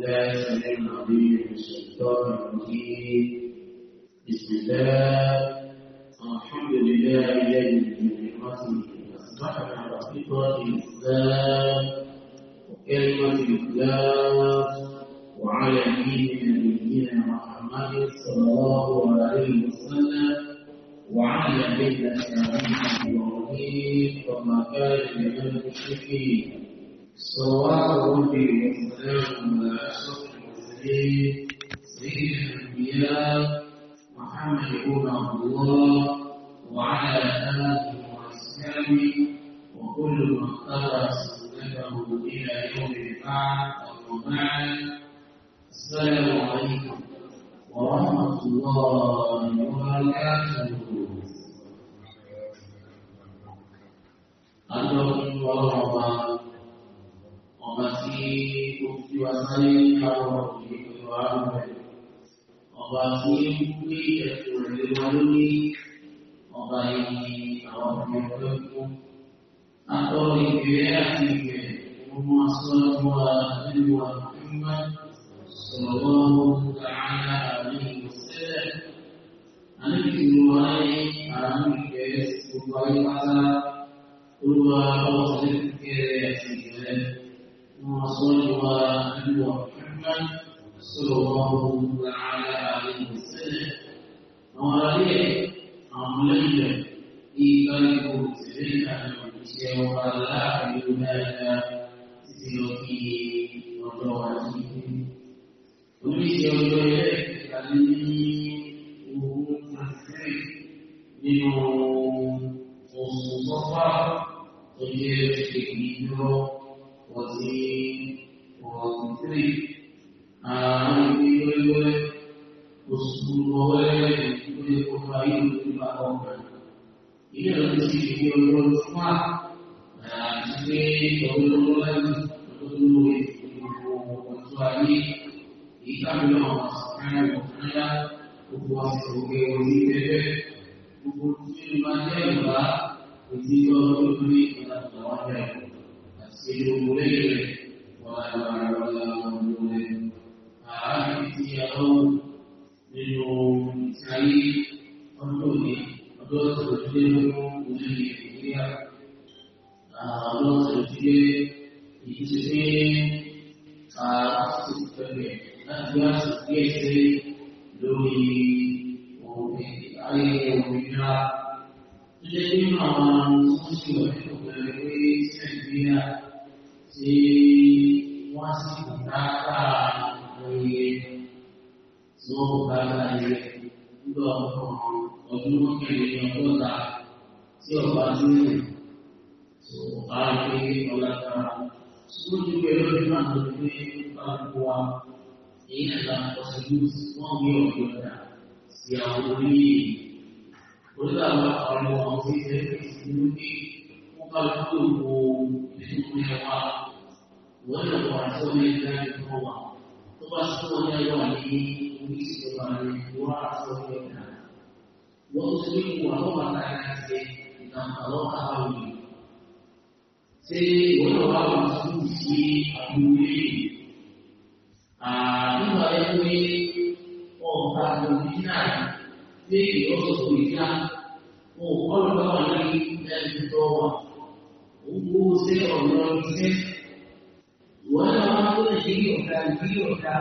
بسم الله الحمد لله الذي بنعمته أصبحنا رفيقا الإسلام وكلمة الإخلاص وعلى دين نبينا محمد صلى الله عليه وسلم وعلى ملة إبراهيم وما كان من المشركين صلوات ربي وسلامه the pàṣẹ káwọn ọkùnrin pẹ̀lú àrùn rẹ̀. Ọba tí ń gbé ثم صل وسلم محمد صلى الله تعالى عليه وسلم مواليه عمليه إيقانكم سبيلا من الشيء ولا يبالى سيوكي وتواتيه oníṣẹ́ ọjọ́ ilé ìtàlẹ́ ní owó àti nínú oṣù sọ́fà tó jẹ́ ìgbìyànjú 40, 43. Ambil boleh usul boleh boleh kembali lima orang. Ini adalah sisi orang semua. Nah, sisi orang orang betul kecuali kita belum masukkan kepada ukuran sebagai wajib. Ukuran macam apa? Ujian untuk beri kepada jawab بذنوبهم وما يعلم ذنوبهم أعادتي يوم من يوم سعيد أبدوني أبدوك بذنوبهم masih berkata oleh semua berkata oleh dua orang orang yang berkata siapa sih semua ini berkata semua juga berkata berkata bahwa ini adalah prosedur semua yang berkata siapa ini berkata orang orang yang berkata ini bukan tubuh itu mewah wọ́n wà tó ní ìdájọ́ tó wà tó bá tó wọ́n ní wà ní orí ìṣèjọba rẹ̀ wọ́n á tó ní ìdá wọ́n tó ní ìwà tó wà láyé àti ìdàgbà lọ́wọ́ àwọn ènìyàn ṣé wọ́n lọ́wọ́ àwọn tó ń fi àbúrò yìí àdúgbò ẹgbẹ́ ọ̀gá lòdì náà ṣé ìyọ́sọ̀tò ìyá òun kọ́ lọ́wọ́ ní ẹni tó wà òun kó ṣe ọ̀rọ̀ iṣẹ́ wọ́n lọ wọ́n tó ṣe yóò ga ìbí yóò ga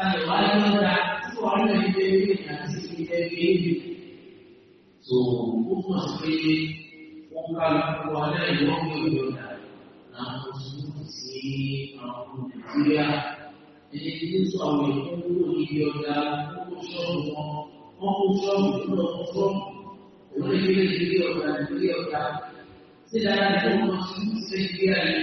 àpàlẹ̀ wà lọ́wọ́ ga tí wọ́n lọ ilé ilé àti ilé ilé tó ó mọ̀ sí pé wọ́n ká lọ́wọ́ wa náà yọ ọ́ yóò yọ ga àwọn oṣù sí àwọn Nàìjíríà ẹni tí sọ àwọn èèyàn kúrò ní ibi ọ̀gá kókó ṣọ́ọ̀bù wọn wọ́n kó ṣọ́ọ̀bù tó lọ kó ṣọ́ọ̀bù òun lè gbé ilé ọ̀gá ìdílé ọ̀gá sí dáadáa tó wọ́n ti ń ṣe ìgbé ayé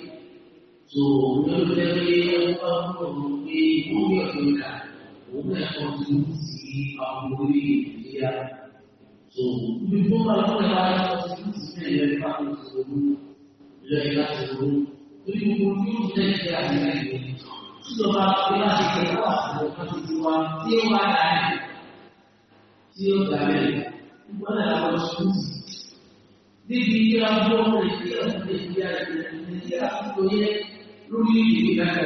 so òun ló ló lẹ́gbẹ́ ọlọ́run pé wọ́n yọ̀ tó dà òun kọ́ tó sí àwọn orí ìdíyà so ibi tó bá lọ́wọ́ ẹ̀ bá yọ sí ní ẹ̀yẹ bá tó ti ronú lọ ẹ̀ bá ti ronú torí gbogbo tí ó tẹ̀ sí àyíká ìwé pé láti tẹ̀ àtàwọn kan tó ti tí ó wá dà ní tí ó dà bẹ́ẹ̀ wọ́n náà lọ sí ní níbi ìyá gbọ́ ọmọ ìdíyà ìdíyà ìdíyà ìdíyà àtúntò yẹn lórí ìgbàgbé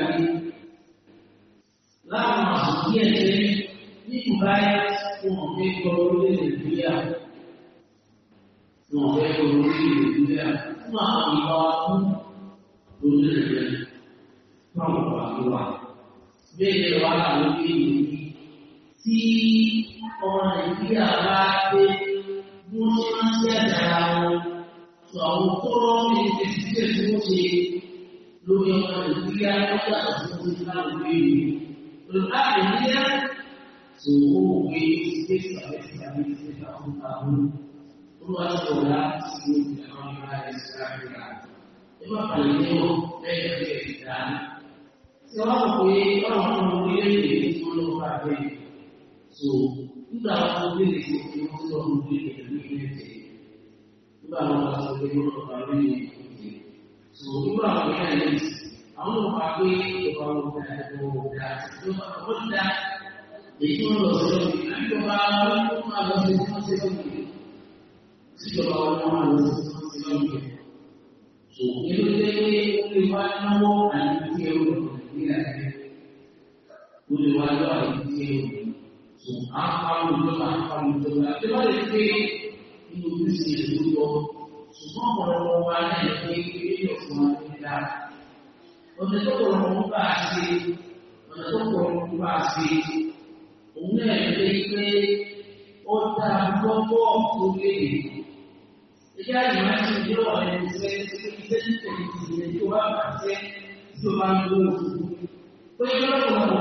láwọn àṣìkí ẹ̀jẹ̀ ní Dubai wọn fẹ́ gbọ́ orílẹ̀-èdè Nàìjíríà wọn gbọ́ orílẹ̀-èdè fún àwọn ìwà fún orílẹ̀-èdè báwọn wà ló bẹ́ẹ̀ ni wà á lórí ìròyìn tí ọmọ Nàìjíríà bá dé bí wọ́n ṣe máa ń ṣẹ̀dá wọn sọ àwọn kọ́rọ́ ní ìdíje tí wọ́n ṣe lórí ọmọ nàìjíríà ó yàtọ̀ sí orí láwùjọ ìlú olùkọ́ àìníyà tó ó wé ṣéṣì àbẹ́sì tàbí ṣéṣì àwọn àwọn olùwàsọ̀rọ̀ sí orí àwọn ìlú àìsíkàkìlà ẹ má pàlẹ́ ní ọ lẹ́yìn ọdẹ ìdá tí wọ́n mọ̀ pé ọ̀rọ̀ ọmọ orílẹ̀-èdè tí wọ́n lọ́wọ́ bá bẹ́ẹ̀ tó nígbà wọn ó bèèrè wọn tí wọ́n mú bèèrè lórí ẹ̀jẹ̀ nígbà wọn bá sọ So nínú àwọn ìyá rẹ̀ àwọn ọmọ àgbé ìjọba ọmọdé àdúgbò ọ̀dà àti ìjọba ọmọdé èyí tó lọ sí ọ̀dà ìjọba ọmọdé máa lọ sí ọ̀dà sí ọ̀dà síjọba ọmọdé máa lọ sí ọ̀dà sí ọ̀dà. So nínú ilé ó lè wá náwó àyíkí ẹrù Nàìjíríà rẹ̀ ó lè wá lọ àyíkí ẹrù. So àpamọ́ ìjọba àpamọ́ ìjọba àti wọ́n lè ṣùgbọ́n ọ̀pọ̀lọpọ̀ wa náà yẹ pé ilé yóò fún ọ̀nà tó kọ̀ ọ̀rọ̀ ń bá ṣe ọ̀nà tó kọ̀ ọ̀rọ̀ ń bá ṣe òun náà yẹ pé pé ó dá lọ́wọ́ tó léde. ẹjẹ́ àyìnbá ti ń yọ ọ̀rẹ́ iṣẹ́ nítorí ti tó bá bàjẹ́ tó bá ń lò ó. pé lọ́pọ̀lọpọ̀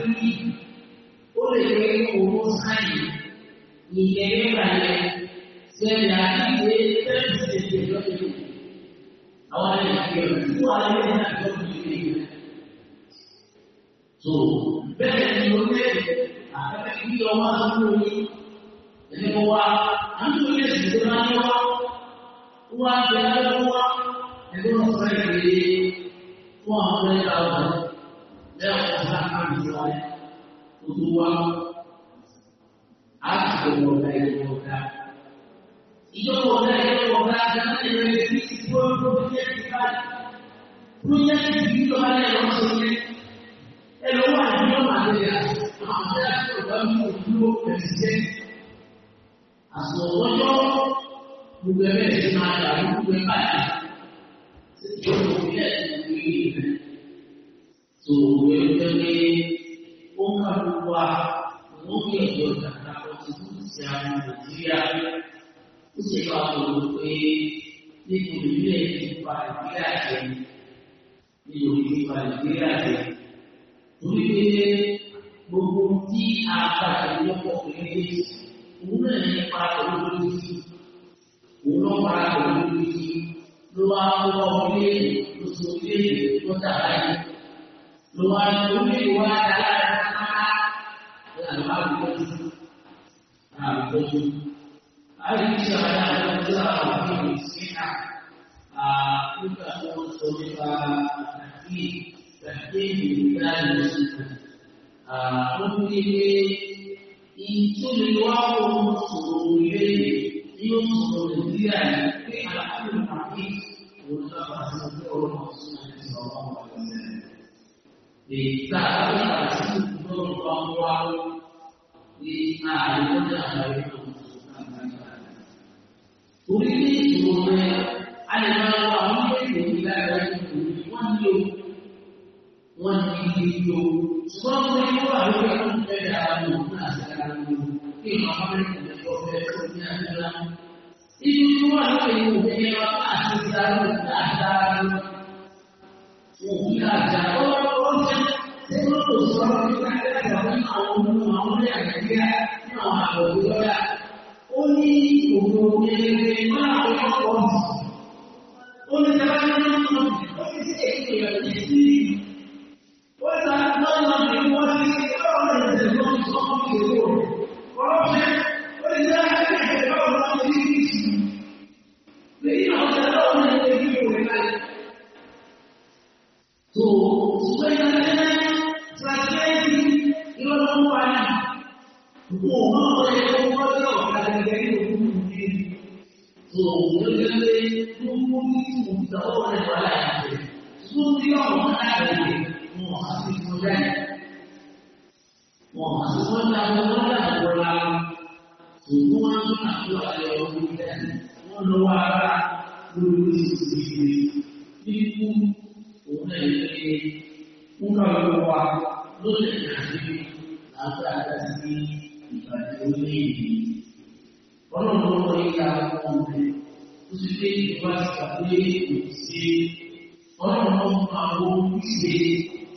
wa ní lè jẹ́ owó sáyè ìyẹn nígbà yẹn sẹ́yìn àdìgbé tẹ́lifí tètè lọ́dún àwọn ẹ̀yìn ìgbẹ́ tí náà tó ti lè yẹ. tó bẹ́ẹ̀ ni o lé àfẹ́fẹ́ kí ọwọ́ àdúgbò yìí ẹni mo wá àdúgbò yìí sì ti máa ń wá wá bẹ lọ́wọ́ wá ẹni wọ́n fẹ́ gbé fún àwọn ẹ̀ka ọ̀dọ́ lẹ́yìn ọ̀sán àmì ìwà yẹn tuntun wá àtúntò wọ̀ọ̀dà ìwọ̀ọ̀dà. Ìjọba ọ̀dà ìwọ̀ọ̀dà àti ẹ̀rẹ́ sí ìfowópamọ́ pírọ́jẹ́tì báyìí. Pírọ́jẹ́tì yìí lọ bá yẹ wọ́n ṣe yẹ. wà ní ọ̀nà àlejò àwọn ọ̀dà ìwọ̀ọ̀dà mi ò dúró pẹ̀lú gbogbo ẹgbẹ́ ti máa dà gbogbo ẹ báyìí. Ṣé ìjọba òfin ẹ̀ ti wí ìrìn? Tòwé kuwa mungkin juga konstitusi Nigeria ó sì bá wọn lò pé níbo ìlú ẹ̀ ti pa Nàìjíríà jẹ níbo ìlú pa jẹ torí pé gbogbo tí a gbà lọ́pọ̀ pẹ̀lú òun náà ní ipa pẹ̀lú lójú òun náà para pẹ̀lú lójú ló wá lọ́wọ́ ilé lóṣù ilé lọ́tà láyé ló wá lórí ìwà dáadáa. العبد العبد عائشة على أن ترى في مسكينة تكون صدفة تحكيم تحكيم بلاد المسلمين أمي ìtúlẹ̀ wá ohun sòrò ilé yìí yóò sòrò nàìjíríà yìí pé àlàáfíà pàdé òun lọ́wọ́ àti ọjọ́ ọ̀rọ̀ ọ̀sùn àti ọ̀rọ̀ ọ̀rọ̀ ọ̀sẹ̀. èyí tá a lọ́wọ́ àti tó ń fa ń wá ní ààrẹ lọ́jà àgbáyé náà torí ní ìṣòro rẹ a lè máa wọ àwọn méjì ní lára ìṣòro wọn ní o wọn ní ibi o ṣùgbọ́n mo ní wọ́n àwọn ẹgbẹ́ tó ń fẹ́ dára mọ̀ fún àṣàrà mọ̀ kí n máa fẹ́ tẹ̀lé ọ̀fẹ́ tó ní àṣàrà mọ̀. ibi tí wọ́n àwọn èèyàn ò fẹ́ yẹra fún àṣàrà mọ̀ fún àṣàrà mọ̀ òkú àjà ọlọ́wọ́ jẹ́ ẹgbẹ́ tó sọ̀rọ̀ nípa láti sọ nínú àwọn ohun àwọn orí àgbẹ̀dẹ́gbẹ́ nínú àwọn àgbẹ̀dẹ́gbẹ́ ó ní òun 我们认为中国民族的后人传来的，说不要我们来的，我还是不认，我还是不认，不认不认，祖国是哪个来的？我不认，我是娃娃，我是自己，你不，我们的，我们的娃，我是哪里？哪个来的？你把这个命。ọlọ́run ló wọlé ká ọmọ rẹ̀ ó sì pé ìwà ìpàdé kò sí ọlọ́run ló ń pa owó ìwé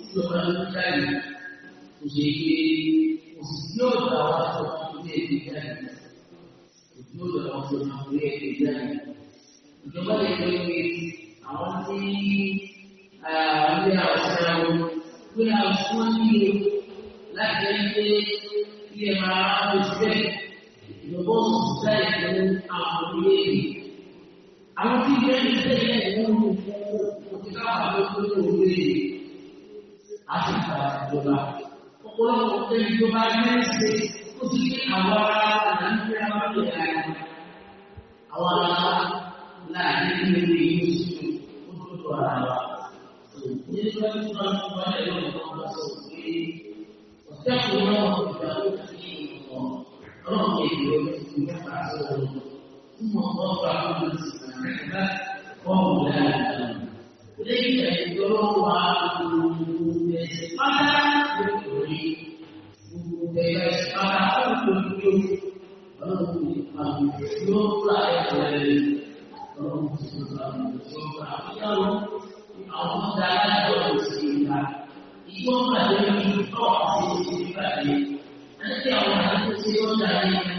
tí ọmọ ẹni jáde kò sì pé kò sì sí ọ̀dà wa tó kọ́ ní ẹni jáde kò sí ọ̀dà wa tó kọ́ ní ẹni jáde ìjọba lè lọ pé àwọn tí ilé àwòsàn àwọn pé àwòsàn nílò láti ẹni pé kí ẹ máa ń lò síbẹ̀ ìjọba ọ̀sán àwòrán àwọn tí bẹ́ẹ̀ ní bẹ́ẹ̀ yẹn wọ́n mú fún òkúta àwọn tó ní òwe àti ìgbà ìjọba ọ̀pọ̀lọpọ̀ pé ìjọba yẹn ń ṣe ó ti ní àwọn ará nàìjíríà wọn lè ra àwọn ará láàrin ilé ìlú ìṣúná ó tó tó ara wa nígbà tí wọn bá ń bá ẹ̀rọ ìjọba sọ̀rọ̀ pé ọ̀sẹ̀ àwọn ọmọ ìgbà يفعله ثم الله عز وجل ومولانا إليك يدعو عبد يسقط بالحري يسقط بالحري ولو يقام يوقع عليه ولو يقام يوقع عليه àwọn dára lọ́wọ́ sí ìgbà ìgbọ́n pàdé ní ọ̀pọ̀ àti ìgbà yìí láti àwọn àti tí ó dára yìí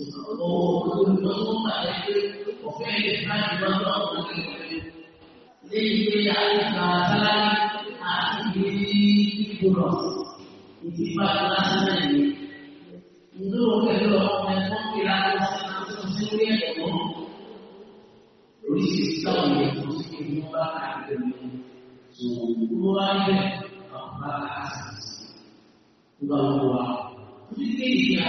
òun ló Ini dia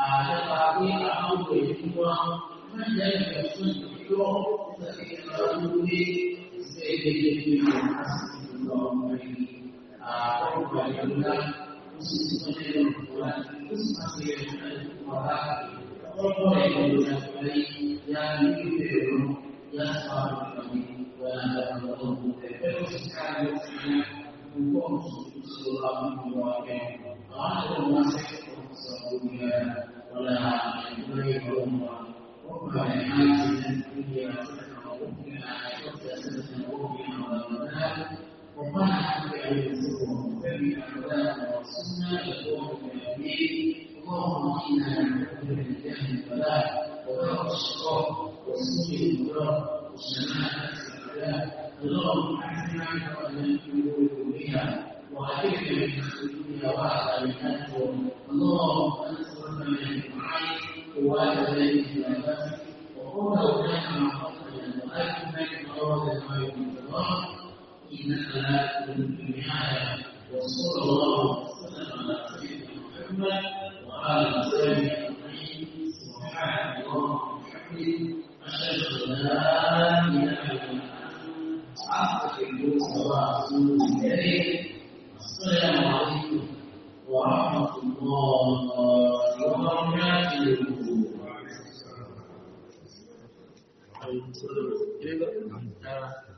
تقارير امر الله من لم يصدق فانه سيد الجميع حسبه الله عليه وهو يولى مسلم القران مسلم القران وهو يولى عليه يا مكبر يا صادق ولا تغضبه فيسكن سنه وقوم سوره الله قال المسيح ربنا ولا يضرهم ربنا آتنا الدنيا حسنة وفي الآخرة حسنة وقنا عذاب النار ربنا آتنا رزقهم وكرم أعداءنا وارزقنا لقوم الأمين اللهم إنا نعوذ بك من البلاء ودرك الشقاء وسوء القدرة وشماتة الأعداء اللهم أعزنا عن الأمور كلها وأعلمنا من الدنيا وأعلمنا من اللهم نسألك من دعائك قوة ذلك بأباسك وقوة ذلك مع فضل الدعاء إنك مرض الدعاء بالقرآن إنك لا تكون بنهاية وصلى الله وسلم على سيدنا محمد وعلى آله أجمعين سبحانك اللهم وبحمدك أشهد أن لا إله إلا أنت أستغفرك وأتوب إليك السلام عليكم ورحمة الله وبركاته